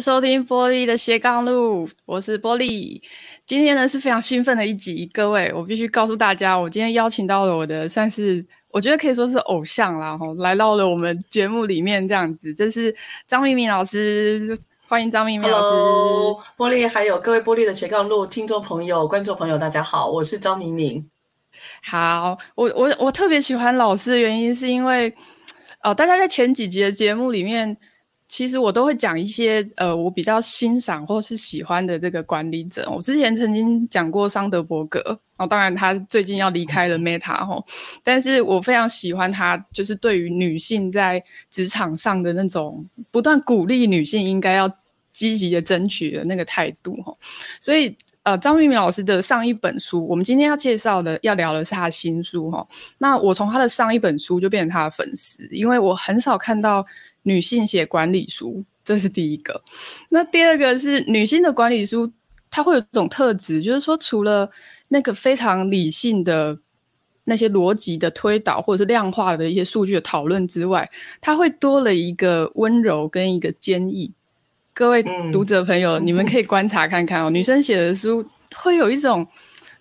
收聽波莉的斜槓路，我是波莉。今天呢是非常興奮的一集，各位，我必須告訴大家，我今天邀請到了我的，算是我覺得可以說是偶像啦。哈，來到了我們節目裡面，這樣子，這是張敏敏老師，歡迎張敏敏老師。Hello, 波莉，還有各位波莉的斜槓路聽眾朋友、觀眾朋友，大家好，我是張敏敏。好，我我我特別喜歡老師的原因是因為、哦、大家在前幾集的節目裡面。其實我都會講一些，呃，我比較欣賞或是喜歡的這個管理者。我之前曾經講過桑德伯格，然、哦、當然他最近要離開了 Meta，哦、但是我非常喜歡他，就是對於女性在職場上的那種不斷鼓勵女性應該要積極的爭取的那個態度，哦、所以，呃，張敏敏老師的上一本書，我們今天要介紹的要聊的是他的新書，哈、哦。那我從他的上一本書就變成他的粉絲，因為我很少看到。女性寫管理書，這是第一個。那第二個是女性的管理書，它會有一種特質，就是說，除了那個非常理性的那些邏輯的推導或者是量化的一些數據的討論之外，它會多了一個溫柔跟一個堅毅。各位讀者朋友，嗯，你們可以觀察看看哦，女生寫的書會有一種，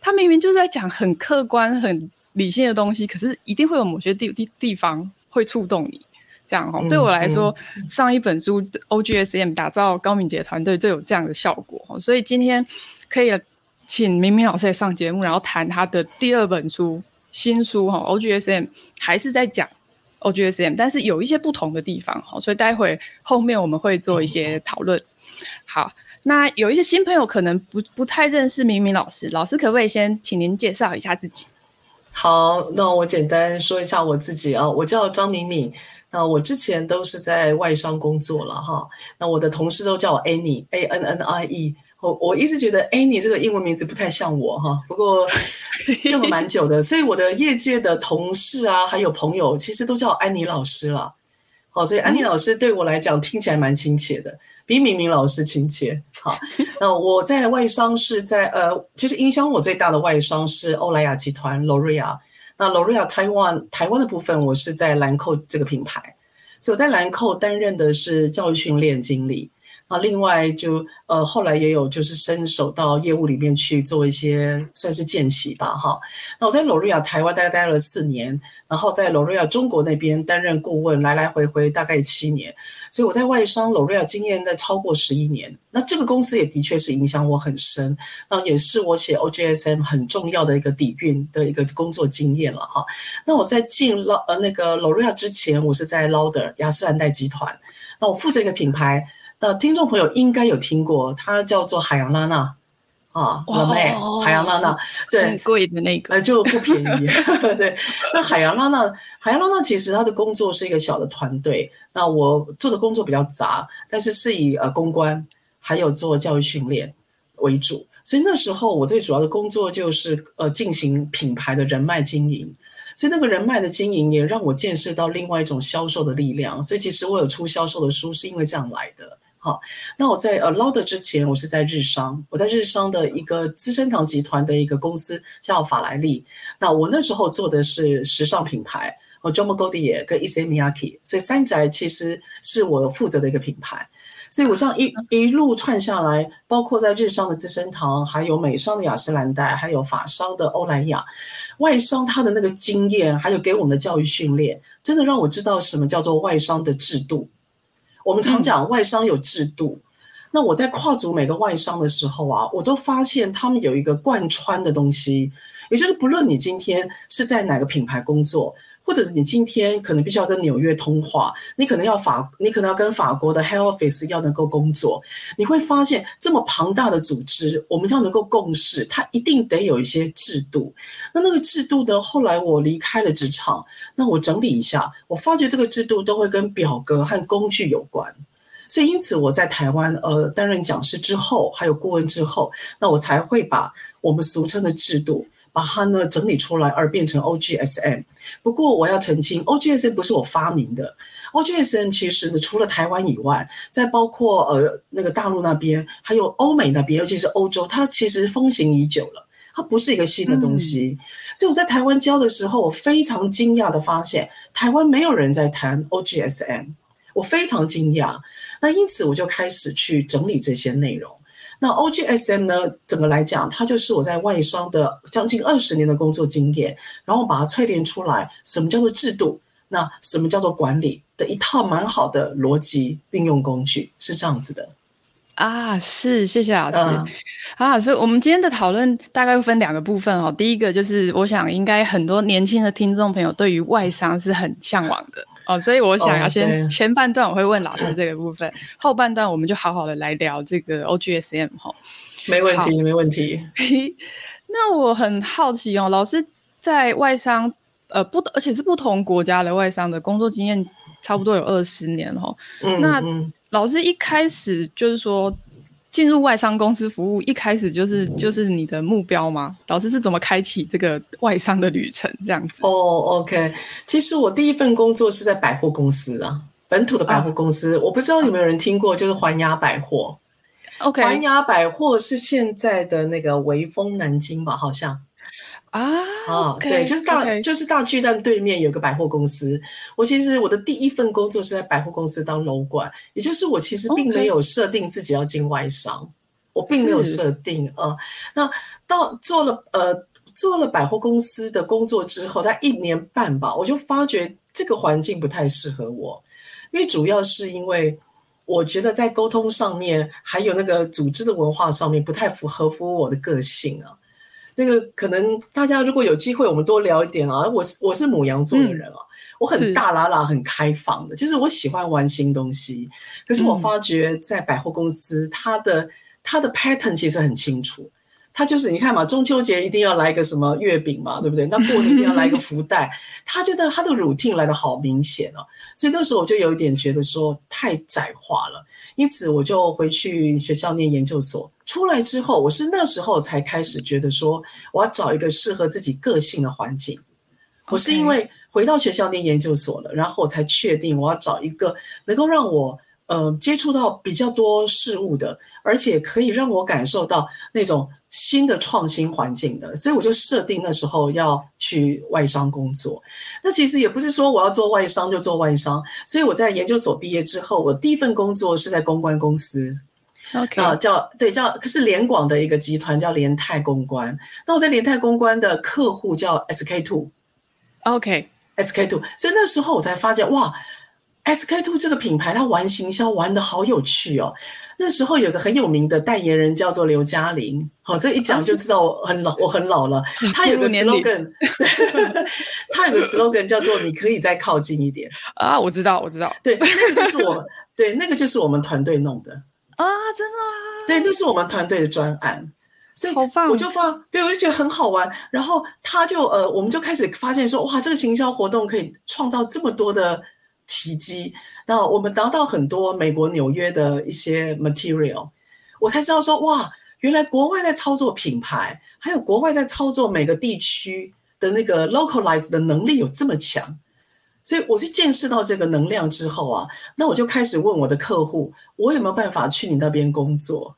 她明明就是在講很客觀、很理性的東西，可是一定會有某些地地地方會觸動你。這樣哈，對我來說，嗯嗯、上一本書《O G S M》打造高敏捷團隊就有這樣的效果，所以今天可以請敏敏老師也上節目，然後談他的第二本書新書哈，《O G S M》還是在講《O G S M》，但是有一些不同的地方哈，所以待會後面我們會做一些討論。嗯、好，那有一些新朋友可能不不太認識敏敏老師，老師可不可以先請您介紹一下自己？好，那我簡單說一下我自己啊，我叫張敏敏。啊，我之前都是在外商工作了哈。那我的同事都叫我 Annie A N N I E，我我一直覺得 Annie 這個英文名字不太像我哈。不過用了蠻久的，所以我的業界的同事啊，還有朋友，其實都叫安妮老師了。好，所以安妮老師對我來講聽起來蠻親切的，比敏敏老師親切。好，那我在外商是在呃，其實影響我最大的外商是歐萊雅集團 L'Oréal 那 Loreal Taiwan 台灣的部分，我是在蘭蔻這個品牌，所以我在蘭蔻擔任的是教育訓練經理。啊，另外就呃，後來也有就是伸手到業務裡面去做一些算是見習吧，哈。那我在 L'Oreal 台灣待待了四年，然後在 L'Oreal 中國那邊擔任顧問，來來回回大概七年，所以我在外商 L'Oreal 經驗的超過十一年。那這個公司也的確是影響我很深，那也是我寫 OGSM 很重要的一個底蘊的一個工作經驗了，哈。那我在進 L 呃那個 L'Oreal 之前，我是在 Lauder 雅詩蘭黛集團，那我負責一個品牌。那聽眾朋友應該有聽過，他叫做海洋拉娜，啊，老妹，海洋拉娜，對，很貴的那個，就不便宜。 對,那海洋拉娜，海洋拉娜其實他的工作是一個小的團隊。那我做的工作比較雜，但是是以呃公關還有做教育訓練為主。所以那時候我最主要的工作就是呃進行品牌的人脈經營。所以那個人脈的經營也讓我見識到另外一種銷售的力量。所以其實我有出銷售的書是因為這樣來的。好，那我在呃 Lauder 之前，我是在日商，我在日商的一個資生堂集團的一個公司叫法萊利。那我那時候做的是時尚品牌，和 Joma g o d i e 也跟 Issey Miyake，所以三宅其實是我負責的一個品牌。所以我這樣一一路串下來，包括在日商的資生堂，還有美商的雅詩蘭黛，還有法商的歐萊雅，外商他的那個經驗，還有給我們的教育訓練，真的讓我知道什麼叫做外商的制度。我們常講外商有制度，嗯，那我在跨足每個外商的時候啊，我都發現他們有一個貫穿的東西，也就是不論你今天是在哪個品牌工作。或者是你今天可能必須要跟紐約通話，你可能要法，你可能要跟法國的 head office 要能夠工作，你會發現這麼龐大的組織，我們要能夠共事，它一定得有一些制度。那那個制度呢？後來我離開了職場，那我整理一下，我發覺這個制度都會跟表格和工具有關。所以因此我在台灣呃擔任講師之後，還有顧問之後，那我才會把我們俗稱的制度。把它呢整理出來，而變成 OGSM。不過我要澄清，OGSM 不是我發明的。OGSM 其實呢，除了台灣以外，再包括呃那個大陸那邊，還有歐美那邊，尤其是歐洲，它其實風行已久了，它不是一個新的東西。嗯、所以我在台灣教的時候，我非常驚訝地發現，台灣沒有人在談 OGSM，我非常驚訝。那因此我就開始去整理這些內容。那 OGSM 呢，整個來講，它就是我在外商的將近二十年的工作經驗，然後把它淬煉出來，什麼叫做制度？那什麼叫做管理？的一套蠻好的邏輯運用工具是這樣子的啊。是，謝謝老師。啊、嗯，所以我們今天的討論大概會分兩個部分哦。第一個就是，我想應該很多年輕的聽眾朋友對於外商是很向往的。哦，所以我想要先前半段我會問老師這個部分，哦、後半段我們就好好的來聊這個 OGSM 哈。沒問題，沒問題。那我很好奇哦，老師在外商呃不，而且是不同國家的外商的工作經驗差不多有二十年哈、哦嗯。那、嗯、老師一開始就是說。進入外商公司服務，一開始就是就是你的目標嗎？老師是怎麼開啟這個外商的旅程這樣子？哦、oh，OK，其實我第一份工作是在百貨公司啊，本土的百貨公司，oh. 我不知道有沒有人聽過，oh. 就是環亞百貨。OK，環亞百貨是現在的那個微風南京吧，好像。啊，哦，對，就是大、okay. 就是大巨蛋對面有個百貨公司。我其實我的第一份工作是在百貨公司當樓管，也就是我其實並沒有設定自己要進外商，okay. 我並沒有設定啊。Uh, 那到做了呃做了百貨公司的工作之後，大概一年半吧，我就發覺這個環境不太適合我，因為主要是因為我覺得在溝通上面還有那個組織的文化上面不太符合乎我的個性啊。那個可能大家如果有機會，我們多聊一點啊。我是我是牡羊座的人啊，嗯、我很大剌剌，很開放的，就是我喜歡玩新東西。可是我發覺在百貨公司，它的、嗯、它的 pattern 其實很清楚。他就是你看嘛，中秋節一定要來一個什麼月餅嘛，對不對？那過年一定要來一個福袋。 他覺得他的 routine 來的好明顯哦、啊，所以那時候我就有一點覺得說太窄化了，因此我就回去學校念研究所。出來之後，我是那時候才開始覺得說，我要找一個適合自己個性的環境。我是因為回到學校念研究所了，okay. 然後我才確定我要找一個能夠讓我呃接觸到比較多事物的，而且可以讓我感受到那種。新的創新環境的，所以我就設定那時候要去外商工作。那其實也不是說我要做外商就做外商，所以我在研究所畢業之後，我第一份工作是在公關公司，OK 啊、呃、叫對叫可是聯廣的一個集團叫聯泰公關。那我在聯泰公關的客戶叫 SK Two，OK、okay. SK Two，所以那時候我才發現哇。SK Two 這個品牌，它玩行銷玩得好有趣哦。那時候有個很有名的代言人叫做劉嘉玲，好、哦，這一講就知道我很老，啊、我很老了。他有個 slogan，對 他有個 slogan 叫做“你可以再靠近一點”。啊，我知道，我知道，對，那個就是我，對，那個就是我們團隊弄的啊，真的啊，對，那是我們團隊的專案，所以我就放，對我就覺得很好玩。然後他就呃，我們就開始發現說，哇，這個行銷活動可以創造這麼多的。契機那我們拿到很多美國紐約的一些 material，我才知道說哇，原來國外在操作品牌，還有國外在操作每個地區的那個 localize 的能力有這麼強，所以我去見識到這個能量之後啊，那我就開始問我的客戶，我有沒有辦法去你那邊工作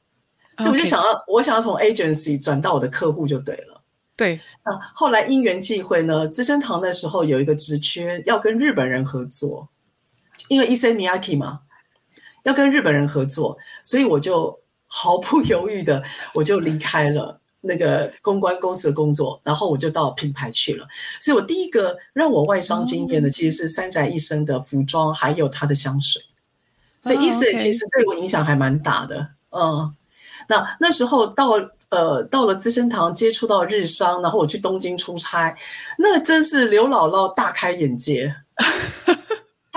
，okay. 所以我就想要我想要從 agency 轉到我的客戶就對了。對，那後來因緣際會呢，資生堂那時候有一個職缺要跟日本人合作。因為 Issey Miyake 嘛，要跟日本人合作，所以我就毫不猶豫的，我就離開了那個公關公司的工作，然後我就到品牌去了。所以，我第一個讓我外商驚艷的，其實是三宅一生的服裝，嗯、還有他的香水。所以，Issey 其實對我影響還蠻大的、哦嗯。嗯，那那時候到呃到了資生堂，接觸到日商，然後我去東京出差，那真是劉姥姥大開眼界。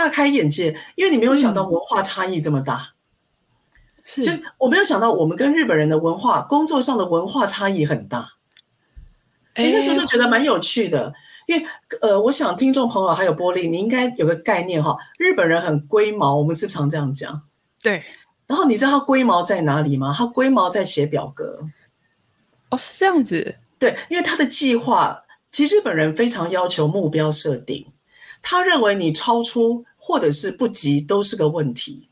大開眼界，因為你沒有想到文化差異這麼大，嗯、是，就是我沒有想到我們跟日本人的文化，工作上的文化差異很大、欸。你那時候覺得蠻有趣的，因為呃，我想聽眾朋友還有波莉，你應該有個概念哈，日本人很龜毛，我們是常這樣講。對，然後你知道他龜毛在哪裡嗎？他龜毛在寫表格。哦，是這樣子，對，因為他的計劃，其實日本人非常要求目標設定。他認為你超出或者是不及都是個問題。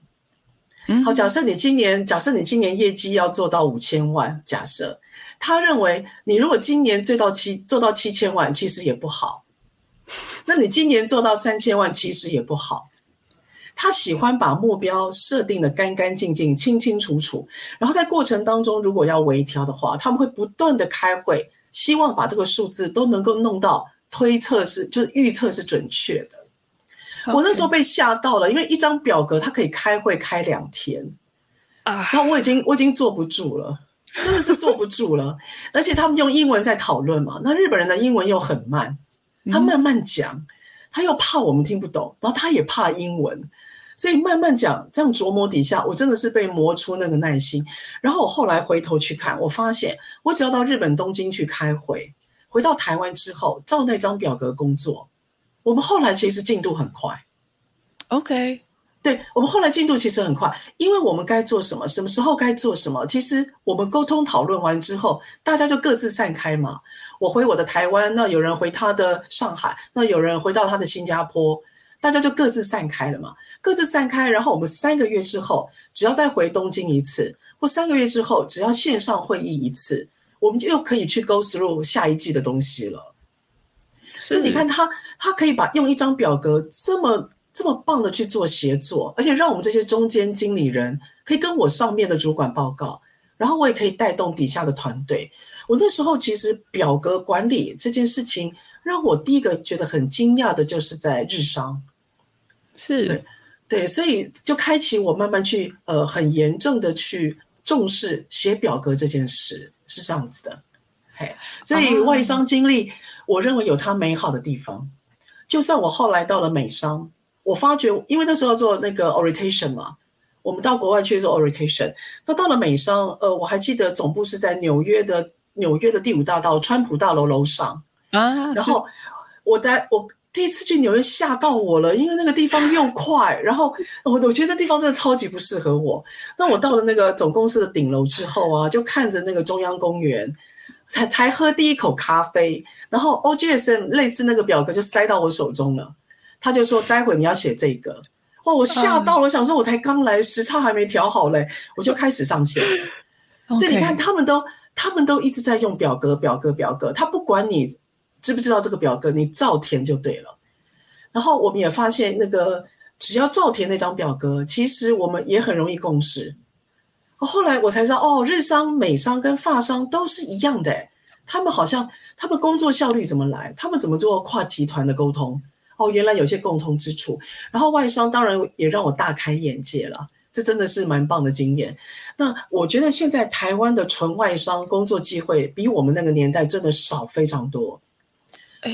好，假設你今年，假設你今年業績要做到五千萬，假設他認為你如果今年做到七做到七千萬，其實也不好。那你今年做到三千萬，其實也不好。他喜歡把目標設定得乾乾淨淨、清清楚楚，然後在過程當中如果要微調的話，他們會不斷的開會，希望把這個數字都能夠弄到，推測是，就是預測是準確的。Okay. 我那時候被嚇到了，因為一張表格，它可以開會開兩天啊。Uh... 然後我已經我已經坐不住了， 真的是坐不住了。而且他們用英文在討論嘛，那日本人的英文又很慢，他慢慢講，Mm-hmm. 他又怕我們聽不懂，然後他也怕英文，所以慢慢講，這樣琢磨底下，我真的是被磨出那個耐心。然後我後來回頭去看，我發現我只要到日本東京去開會，回到台灣之後，照那張表格工作。我們後來其實進度很快。OK，對，我們後來進度其實很快，因為我們該做什麼，什麼時候該做什麼，其實我們溝通討論完之後，大家就各自散開嘛。我回我的台灣，那有人回他的上海，那有人回到他的新加坡，大家就各自散開了嘛。各自散開，然後我們三個月之後，只要再回東京一次，或三個月之後，只要線上會議一次。我們就又可以去 go through 下一季的東西了，所以你看他，他可以把用一張表格這麼這麼棒的去做協作，而且讓我們這些中間經理人可以跟我上面的主管報告，然後我也可以帶動底下的團隊。我那時候其實表格管理這件事情，讓我第一個覺得很驚訝的就是在日商，是，對，對，所以就開啟我慢慢去，呃，很嚴正的去。重視寫表格這件事是這樣子的，嘿，所以外商經歷，我認為有它美好的地方。就算我後來到了美商，我發覺，因為那時候做那個 orientation 嘛，我們到國外去做 orientation，那到了美商，呃，我還記得總部是在紐約的紐約的第五大道川普大樓樓上啊，然後我待我。第一次去紐約嚇到我了，因為那個地方又快，然後我我覺得那地方真的超級不適合我。那我到了那個總公司的頂樓之後啊，就看着那個中央公園，才才喝第一口咖啡，然後 OGSM 類似那個表格就塞到我手中了。他就說：“待會你要寫這個。”哦，我嚇到了，我想說我才剛來，時差還沒調好嘞，我就開始上線。所以你看，他們都他們都一直在用表格，表格，表格。他不管你。知不知道這個表格？你照填就對了。然後我們也發現，那個只要照填那張表格，其實我們也很容易共識。後來我才知道，哦，日商、美商跟法商都是一樣的。哎，他們好像他們工作效率怎麼來？他們怎麼做跨集團的溝通？哦，原來有些共通之處。然後外商當然也讓我大開眼界了，這真的是蠻棒的經驗。那我覺得現在台灣的純外商工作機會比我們那個年代真的少非常多。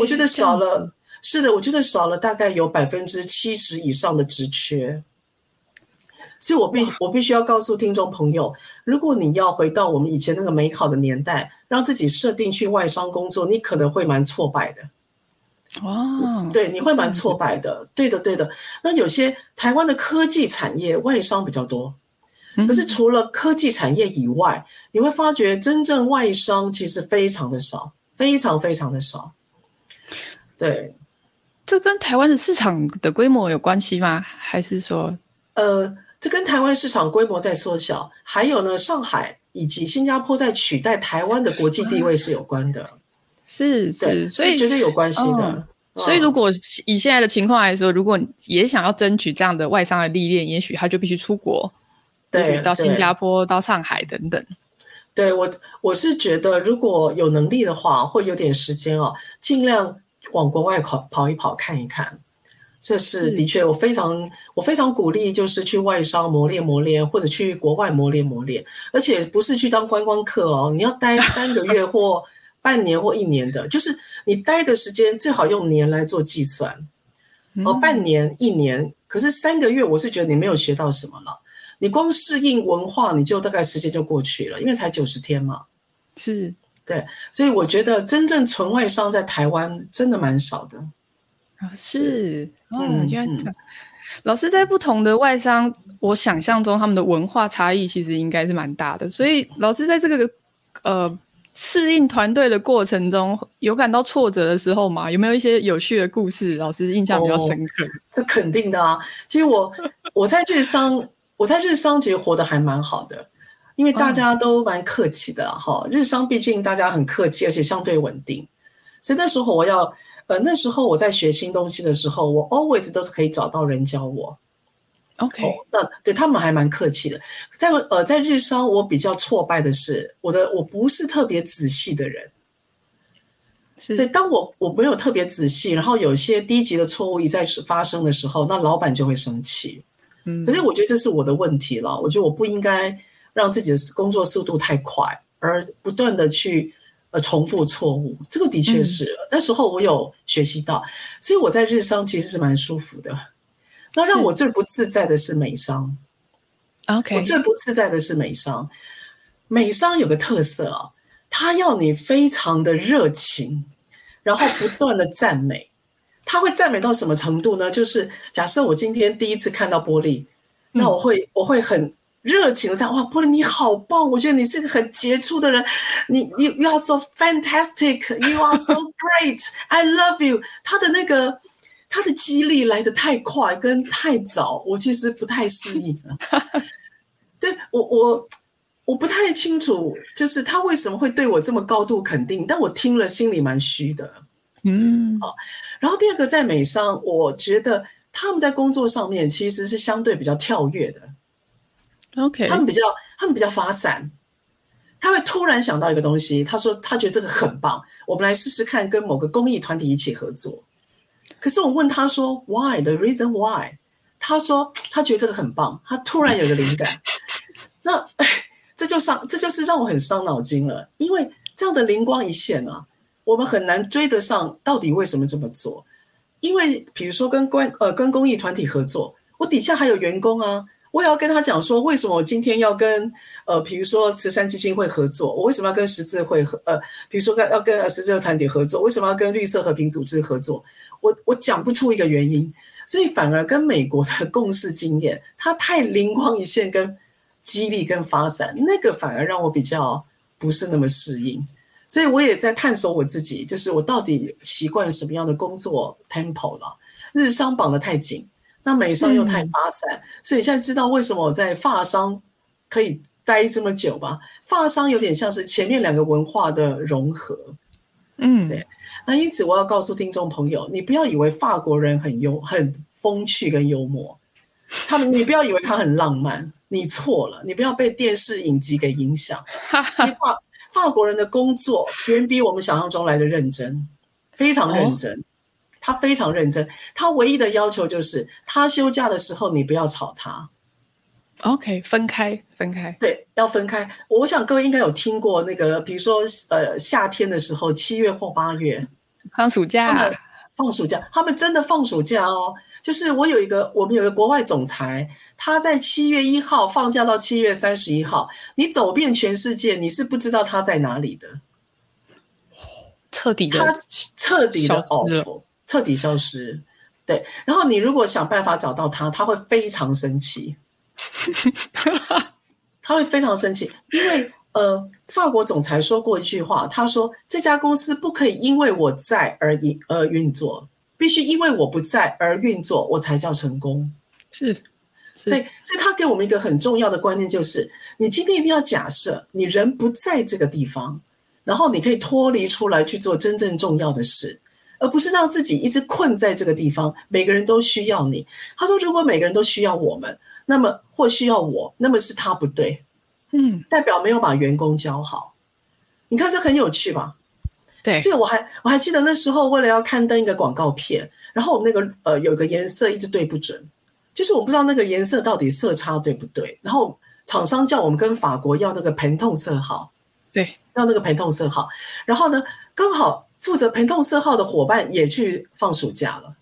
我覺得少了，是的，我覺得少了，大概有百分之七十以上的職缺，所以我必我必須要告訴聽眾朋友，如果你要回到我們以前那個美好的年代，讓自己設定去外商工作，你可能會蠻挫敗的。哇，對，你會蠻挫敗的。對的，對的。那有些台灣的科技產業外商比較多，可是除了科技產業以外，你會發覺真正外商其實非常的少，非常非常的少。對，這跟台灣的市場的規模有關係嗎？還是說，呃，這跟台灣市場規模在縮小，還有呢，上海以及新加坡在取代台灣的國際地位是有關的，嗯、是是所以是絕對有關係的。哦、所以，如果以現在的情況來說，如果你也想要爭取這樣的外商的歷練，也許他就必須出國，對，到新加坡、到上海等等。對我，我是覺得如果有能力的話，會有點時間哦，儘量。往國外跑跑一跑看一看，這是的確我非常我非常鼓勵，就是去外商磨練磨練，或者去國外磨練磨練。而且不是去當觀光客哦，你要待三個月或半年或一年的，就是你待的時間最好用年來做計算哦，半年、一年。可是三個月，我是覺得你沒有學到什麼了，你光適應文化，你就大概時間就過去了，因為才九十天嘛。是。對，所以我覺得真正純外商在台灣真的蠻少的。哦、是、哦，嗯，真、嗯、老師在不同的外商，我想象中他們的文化差異其實應該是蠻大的。所以老師在這個呃適應團隊的過程中，有感到挫折的時候嗎？有沒有一些有趣的故事？老師印象比較深刻。哦、這肯定的啊，其實我我在日商， 我在日商節活得還蠻好的。因為大家都蠻客氣的哈，Oh. 日商畢竟大家很客氣，而且相對穩定，所以那時候我要，呃，那時候我在學新東西的時候，我 always 都是可以找到人教我。OK，Oh, 那對他們還蠻客氣的。在呃，在日商，我比較挫敗的是，我的我不是特別仔細的人，所以當我我沒有特別仔細，然後有些低級的錯誤一再發生的時候，那老板就會生氣。嗯，可是我覺得這是我的問題了，我覺得我不應該。讓自己的工作速度太快，而不斷的去呃重複錯誤，這個的確是、嗯。那時候我有學習到，所以我在日商其實是蠻舒服的。那讓我最不自在的是美商。OK，我最不自在的是美商。美商有個特色啊，它要你非常的熱情，然後不斷的讚美。 它會讚美到什麼程度呢？就是假設我今天第一次看到波莉，那我會、嗯、我會很。熱情的在，哇，波莉你好棒！我覺得你是一個很傑出的人，你你 you are so fantastic, you are so great，I love you。他的那個他的激勵來的太快跟太早，我其實不太適應哈， 對我我我不太清楚，就是他為什麼會對我這麼高度肯定，但我聽了心裡蠻虛的。 嗯，好。然後第二個在美商，我覺得他們在工作上面其實是相對比較跳躍的。Okay. 他們比較，他們比較發散，他會突然想到一個東西，他說他覺得這個很棒，我們來試試看跟某個公益團體一起合作。可是我問他說，Why？The reason why？他說他覺得這個很棒，他突然有個靈感。 那這就傷，這就是讓我很傷腦筋了，因為這樣的靈光一現啊，我們很難追得上到底為什麼這麼做。因為比如說跟公呃跟公益團體合作，我底下還有員工啊。我也要跟他講說，為什麼我今天要跟呃，比如說慈善基金會合作，我為什麼要跟十字會合？呃，比如說跟要跟十字會團體合作，為什麼要跟綠色和平組織合作？我我講不出一個原因，所以反而跟美國的共事經驗，它太靈光一現，跟激勵跟發展，那個反而讓我比較不是那麼適應。所以我也在探索我自己，就是我到底習慣什麼樣的工作 tempo 了？日商綁得太緊。那美商又太發散，嗯，所以現在知道為什麼我在法商可以待這麼久吧？法商有點像是前面兩個文化的融合，嗯，對。那因此我要告訴聽眾朋友，你不要以為法國人很優、很風趣跟幽默，他們你不要以為他很浪漫， 你錯了，你不要被電視影集給影響。 因為法法國人的工作遠比我們想象中來得認真，非常認真。哦他非常認真，他唯一的要求就是他休假的時候你不要吵他。OK，分開，分開，對，要分開。我想各位應該有聽過那個，比如說，呃，夏天的時候，七月或八月放暑假，啊，放暑假，他們真的放暑假哦。就是我有一個，我們有一個國外總裁，他在七月一號放假到七月三十一號，你走遍全世界，你是不知道他在哪裡的，徹底的，他徹底的 off 徹底消失，對。然後你如果想辦法找到他，他會非常生氣。 他會非常生氣，因為呃，法國總裁說過一句話，他說：“這家公司不可以因為我在而運而運作，必須因為我不在而運作，我才叫成功。”是，是，對。所以他給我們一個很重要的觀念，就是你今天一定要假設你人不在這個地方，然後你可以脫離出來去做真正重要的事。而不是讓自己一直困在這個地方。每個人都需要你。他說：“如果每個人都需要我們，那麼或需要我，那麼是他不對，嗯，代表沒有把員工教好。你看，這很有趣吧？對，這個我還我還記得那時候，為了要刊登一個廣告片，然後我們那個呃，有個顏色一直對不準，就是我不知道那個顏色到底色差對不對。然後廠商叫我們跟法國要那個 Pantone 色號，對，要那個 Pantone 色號。然後呢，剛好。”負責疼痛色號的夥伴也去放暑假了，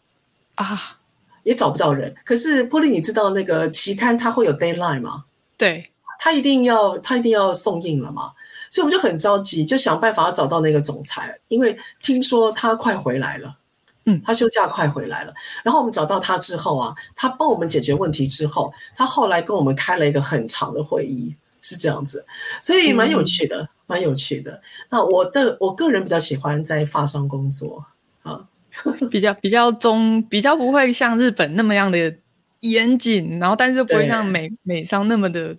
啊，也找不到人。可是波莉，你知道那個期刊它會有 deadline 嗎？對，他一定要，它一定要送印了嘛。所以我們就很着急，就想辦法要找到那個總裁，因為聽說他快回來了，嗯，他休假快回來了。然後我們找到他之後啊，他幫我們解決問題之後，他後來跟我們開了一個很長的會議，是這樣子，所以蠻有趣的。嗯蠻有趣的。那我的我個人比較喜歡在法商工作啊，比較比較中，比較不會像日本那麼樣的嚴謹，然後但是不會像美美商那麼的，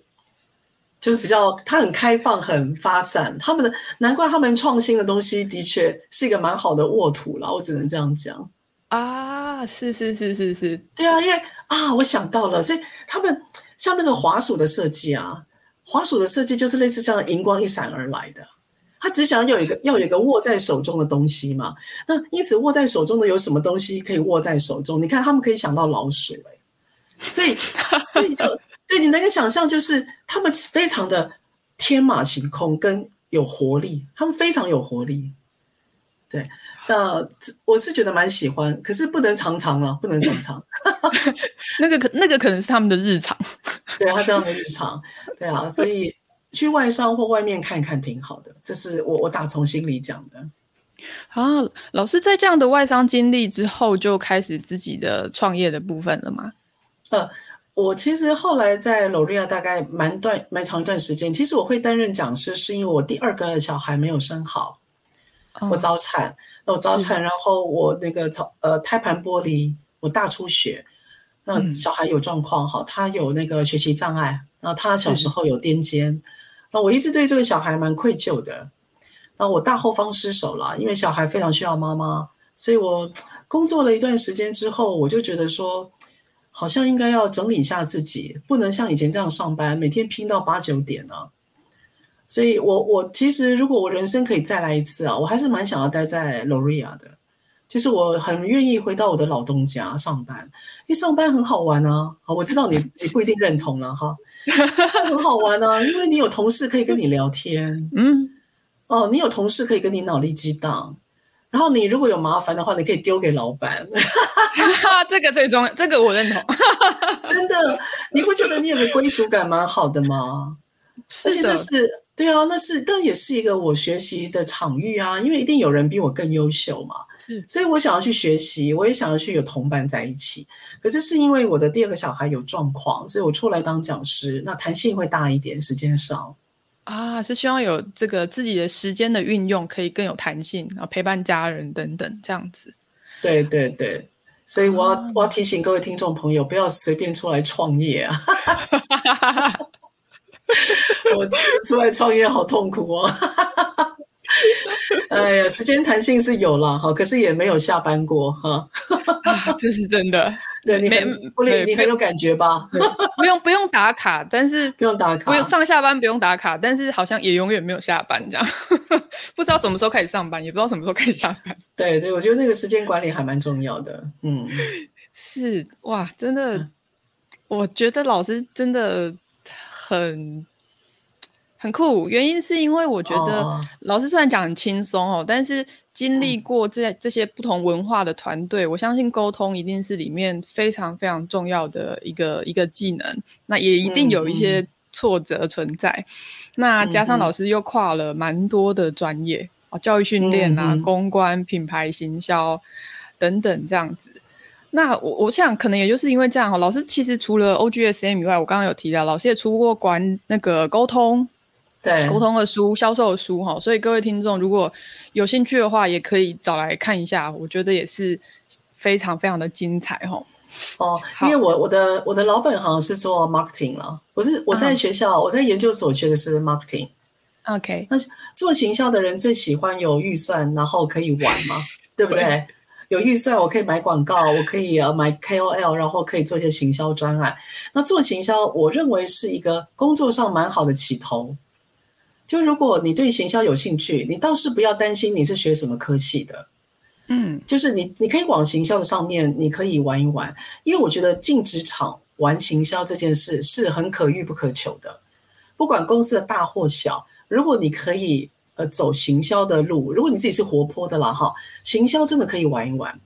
就是比較他很開放，很發散。他們的難怪他們創新的東西的確是一個蠻好的沃土了。我只能這樣講啊，是是是是是，對啊，因為啊，我想到了，所以他們像那個滑鼠的設計啊。滑鼠的設計就是類似這樣，靈光一閃而來的。他只想要有一個，要有一個握在手中的東西嘛。那因此握在手中的有什麼東西可以握在手中？你看他們可以想到老鼠，欸，所以所以就對，你能夠想象，就是他們非常的天馬行空跟有活力，他們非常有活力。對，呃，我是覺得蠻喜歡，可是不能常常啊，不能常常 。 那個可那個可能是他們的日常。 對他、啊、這樣的日常，對啊，所以去外商或外面看看挺好的，這是我我打從心裡講的。啊，老師在這樣的外商經歷之後，就開始自己的創業的部分了嗎？呃，我其實後來在 L'Oréal 大概蠻段蠻長一段時間，其實我會擔任講師，是因為我第二個小孩沒有生好，嗯、我早產，我早產，然後我那個早呃胎盤剝離，我大出血。那小孩有狀況哈、嗯，他有那個學習障礙，然後他小時候有癲癇，那我一直對這個小孩蠻愧疚的，那我大後方失守了，因為小孩非常需要媽媽、嗯，所以我工作了一段時間之後，我就覺得說，好像應該要整理一下自己，不能像以前這樣上班，每天拼到八九點呢、啊，所以我我其實如果我人生可以再來一次啊，我還是蠻想要待在 Loreal 的。就是我很願意回到我的老東家上班，因為上班很好玩啊！好，我知道你你不一定認同了 哈，很好玩啊，因為你有同事可以跟你聊天，嗯，哦，你有同事可以跟你腦力激盪，然後你如果有麻煩的話，你可以丟給老闆 啊，這個最重要，這個我認同， 真的，你不覺得你有個歸屬感蠻好的嗎？是的，是。對啊，那是但也是一個我學習的場域啊，因為一定有人比我更優秀嘛，所以我想要去學習，我也想要去有同伴在一起。可是是因為我的第二個小孩有狀況，所以我出來當講師，那彈性會大一點，時間上啊，是希望有這個自己的時間的運用可以更有彈性啊，陪伴家人等等這樣子。對對對，所以我要、啊、我要提醒各位聽眾朋友，不要隨便出來創業啊。 我出來創業好痛苦哦！ 哎呀，時間彈性是有了，哈，可是也沒有下班過哈、啊，這是真的。對，你很沒不你很有感覺吧？ 不用不用打卡，但是不用打卡，不用上下班不用打卡，但是好像也永遠沒有下班這樣， 不知道什麼時候開始上班，也不知道什麼時候開始下班。對對，我覺得那個時間管理還蠻重要的。嗯，是哇，真的、嗯，我覺得老師真的很。很酷，原因是因為我覺得老師雖然講很輕鬆哦，但是經歷過這這些不同文化的團隊、嗯，我相信溝通一定是裡面非常非常重要的一個一個技能。那也一定有一些挫折存在。嗯嗯，那加上老師又跨了蠻多的專業嗯嗯啊，教育訓練啊嗯嗯、公關、品牌行銷等等這樣子。那我我想可能也就是因為這樣，老師其實除了 O G S M 以外，我剛剛有提到，老師也出過關那個溝通。對，溝通的書，銷售的書，哈，所以各位聽眾如果有興趣的話，也可以找來看一下，我覺得也是非常非常的精彩哈，哦，因為我我的我的老本行是做 marketing 了，我是我在學校、嗯、我在研究所學的是 marketing。OK，那做行銷的人最喜歡有預算，然後可以玩嘛， 對不對？ 有預算我可以買廣告，我可以呃買 KOL， 然後可以做一些行銷專案。那做行銷，我認為是一個工作上蠻好的起頭。就如果你對行銷有興趣，你倒是不要擔心你是學什麼科系的，嗯，就是你你可以往行銷的上面，你可以玩一玩，因為我覺得進職場玩行銷這件事是很可遇不可求的，不管公司的大或小，如果你可以呃走行銷的路，如果你自己是活潑的啦哈，行銷真的可以玩一玩，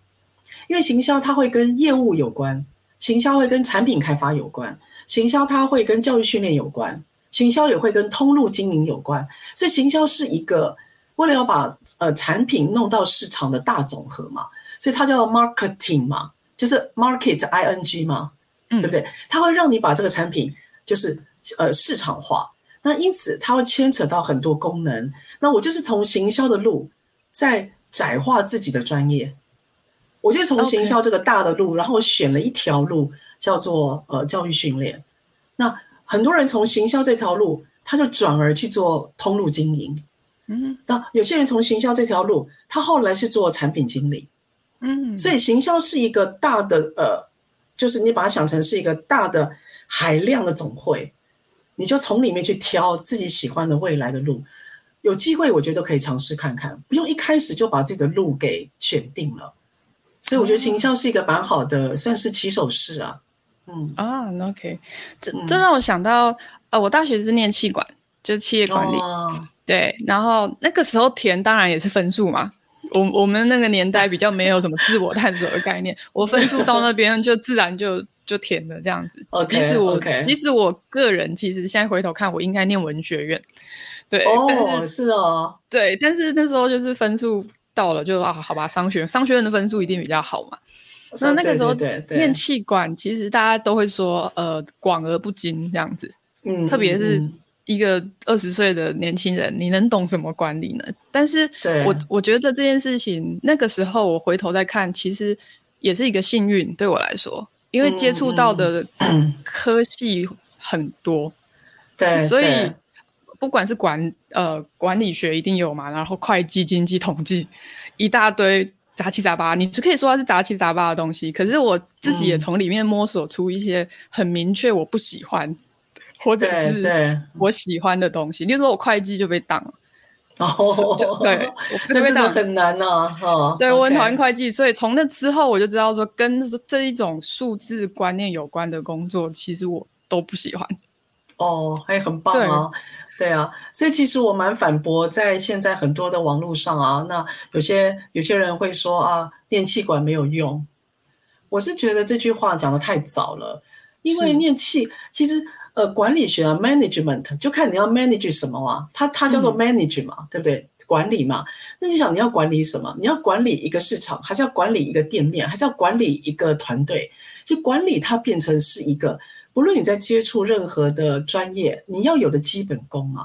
因為行銷它會跟業務有關，行銷會跟產品開發有關，行銷它會跟教育訓練有關。行銷也會跟通路經營有關，所以行銷是一個為了要把呃產品弄到市場的大總和嘛，所以它叫做 marketing 嘛，就是 market i n g 嘛、嗯，對不對？它會讓你把這個產品就是呃市場化，那因此它會牽扯到很多功能。那我就是從行銷的路在窄化自己的專業，我就從行銷這個大的路，okay. 然後我選了一條路叫做呃教育訓練，那。很多人從行銷這條路，他就轉而去做通路經營，嗯。那有些人從行銷這條路，他後來是做產品經理，嗯。所以行銷是一個大的，呃，就是你把它想成是一個大的海量的總匯，你就從裡面去挑自己喜歡的未來的路，有機會我覺得都可以嘗試看看，不用一開始就把自己的路給選定了。所以我覺得行銷是一個蠻好的、嗯，算是起手式啊。嗯啊、ah,，OK，這這讓我想到、嗯，呃，我大學是念企管，就是企業管理，哦、對，然後那個時候填當然也是分數嘛，我我們那個年代比較沒有什麼自我探索的概念， 我分數到那邊就自然就就填的這樣子。o k o 其實我其實、okay. 我個人其實現在回頭看，我應該念文學院，對，哦、oh,，是哦，對，但是那時候就是分數到了就啊，好吧，商學院商學院的分數一定比較好嘛。那那個時候唸企管，其實大家都會說，對對對呃，廣而不精這樣子。嗯，特別是一個二十歲的年輕人、嗯，你能懂什麼管理呢？但是我我覺得這件事情，那個時候我回頭再看，其實也是一個幸運對我來說，因為接觸到的科系很多，對、嗯嗯，所以不管是管呃管理學一定有嘛，然後會計、經濟、統計一大堆。雜七雜八，你是可以說它是雜七雜八的東西，可是我自己也從裡面摸索出一些很明確我不喜歡、嗯，或者是我喜歡的東西。例如說我會計就被擋了、哦、啊，哦，對，被擋很難呢，哈、哦。對，我很討厭會計，所以從那之後我就知道說，跟這一種數字觀念有關的工作，其實我都不喜歡。哦，還、欸、很棒啊對！對啊，所以其實我蠻反駁在現在很多的網絡上啊，那有些有些人會說啊，念企管沒有用。我是覺得這句話講得太早了，因為念企其實呃管理學啊，management 就看你要 manage 什麼啊，它,它叫做 manage 嘛，嗯，對不對？管理嘛，那你想你要管理什麼？你要管理一個市場，還是要管理一個店面，還是要管理一個團隊？就管理它變成是一個。無論你在接觸任何的專業，你要有的基本功啊，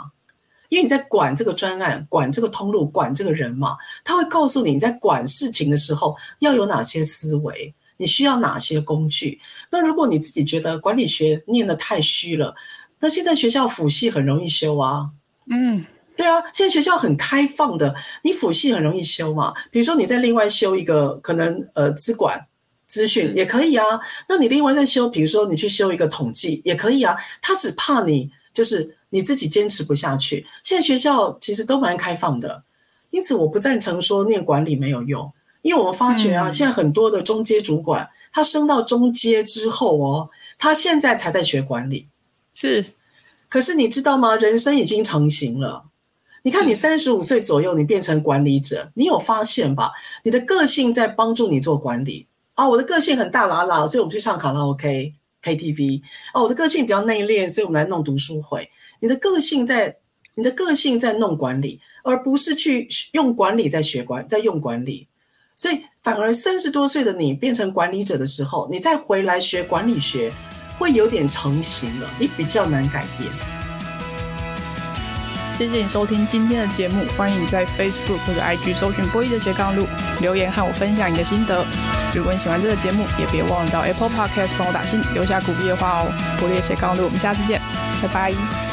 因為你在管這個專案、管這個通路、管這個人嘛，他會告訴你，你在管事情的時候，要有哪些思維，你需要哪些工具。那如果你自己覺得管理學念得太虛了，那現在學校輔系很容易修啊，嗯，對啊，現在學校很開放的，你輔系很容易修嘛、啊。比如說你在另外修一個可能呃資管。資訊也可以啊，那你另外再修，比如說你去修一個統計也可以啊。他只怕你就是你自己堅持不下去。現在學校其實都蠻開放的，因此我不贊成說念管理沒有用，因為我發覺啊，嗯、現在很多的中階主管他升到中階之後哦，他現在才在學管理，是。可是你知道嗎？人生已經成型了。你看你三十五歲左右，你變成管理者，嗯，你有發現吧？你的個性在幫助你做管理。啊、哦，我的個性很大剌剌，所以我們去唱卡拉 OK KTV。哦，我的個性比較內斂，所以我們來弄讀書會。你的個性在，你的個性在弄管理，而不是去用管理在學管，在用管理。所以，反而三十多歲的你變成管理者的時候，你再回來學管理學，會有點成型了，你比較難改變。謝謝你收聽今天的節目，歡迎你在 Facebook 或者 IG 搜尋“波莉的斜槓路”，留言和我分享你的心得。如果你喜歡這個節目，也別忘了到 Apple Podcast 幫我打星，留下鼓勵的話哦。波莉的斜槓路，我們下次見，拜拜。